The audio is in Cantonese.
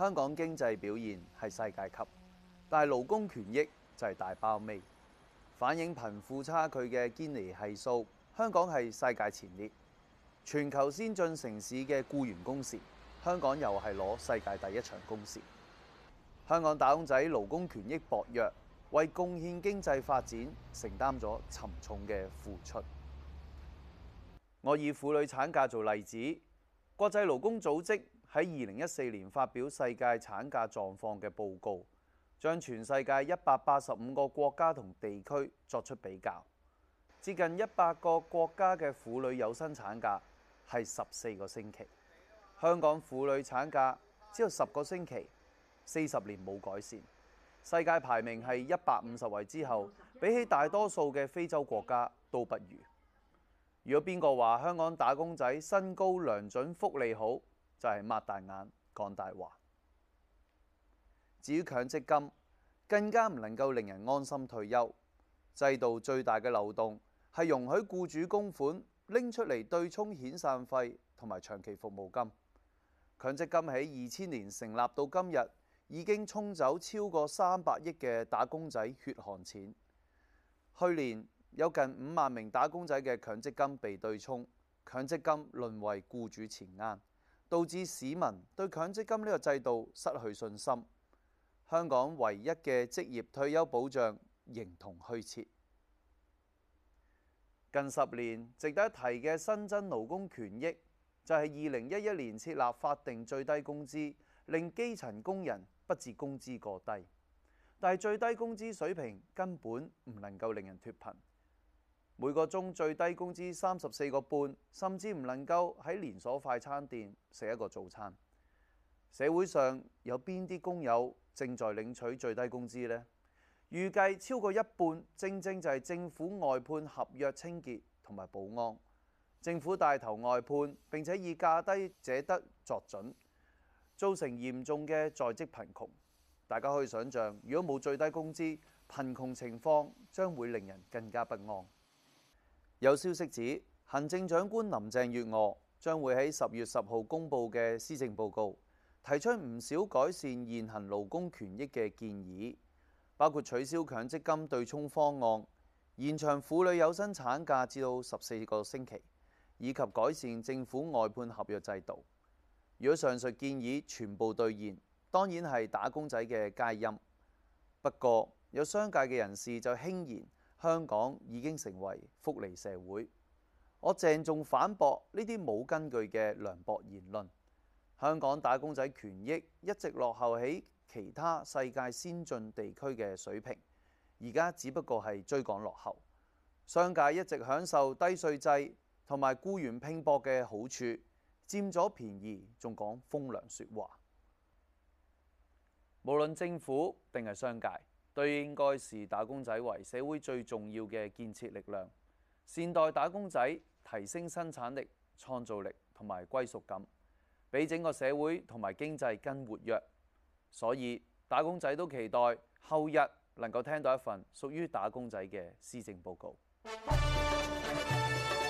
香港經濟表現係世界級，但係勞工權益就係大包尾。反映貧富差距嘅堅尼係數，香港係世界前列。全球先進城市嘅僱員工時，香港又係攞世界第一長工時。香港打工仔勞工權益薄弱，為貢獻經濟發展，承擔咗沉重嘅付出。我以婦女產假做例子，國際勞工組織，喺二零一四年發表世界產假狀況嘅報告，將全世界一百八十五個國家同地區作出比較，接近一百個國家嘅婦女有薪產假係十四個星期，香港婦女產假只有十個星期，四十年冇改善，世界排名係一百五十位之後，比起大多數嘅非洲國家都不如。如果邊個話香港打工仔薪高糧準，福利好？就係擘大眼講大話。至於強積金，更加唔能夠令人安心退休。制度最大嘅漏洞係容許僱主供款拎出嚟對沖遣散費同埋長期服務金。強積金喺二千年成立到今日，已經沖走超過三百億嘅打工仔血汗錢。去年有近五萬名打工仔嘅強積金被對沖，強積金淪為僱主錢罌。導致市民對強積金呢個制度失去信心，香港唯一嘅職業退休保障形同虛設。近十年值得一提嘅新增勞工權益就係二零一一年設立法定最低工資，令基層工人不至工資過低，但係最低工資水平根本唔能夠令人脫貧。每個鐘最低工資三十四個半，甚至唔能夠喺連鎖快餐店食一個早餐。社會上有邊啲工友正在領取最低工資呢？預計超過一半，正正就係政府外判合約清潔同埋保安。政府帶頭外判，並且以價低者得作準，造成嚴重嘅在職貧窮。大家可以想像，如果冇最低工資，貧窮情況將會令人更加不安。有消息指，行政長官林鄭月娥將會喺十月十號公布嘅施政報告，提出唔少改善現行勞工權益嘅建議，包括取消強積金對沖方案、延長婦女有薪產假至到十四個星期，以及改善政府外判合約制度。如果上述建議全部兌現，當然係打工仔嘅佳音。不過，有商界嘅人士就輕言。香港已經成為福利社會，我鄭重反駁呢啲冇根據嘅涼薄言論。香港打工仔權益一直落後喺其他世界先進地區嘅水平，而家只不過係追趕落後。商界一直享受低稅制同埋僱員拼搏嘅好處，佔咗便宜仲講風涼説話。無論政府定係商界，最應該視打工仔為社會最重要嘅建設力量，善待打工仔，提升生產力、創造力同埋歸屬感，俾整個社會同埋經濟更活躍。所以打工仔都期待後日能夠聽到一份屬於打工仔嘅施政報告。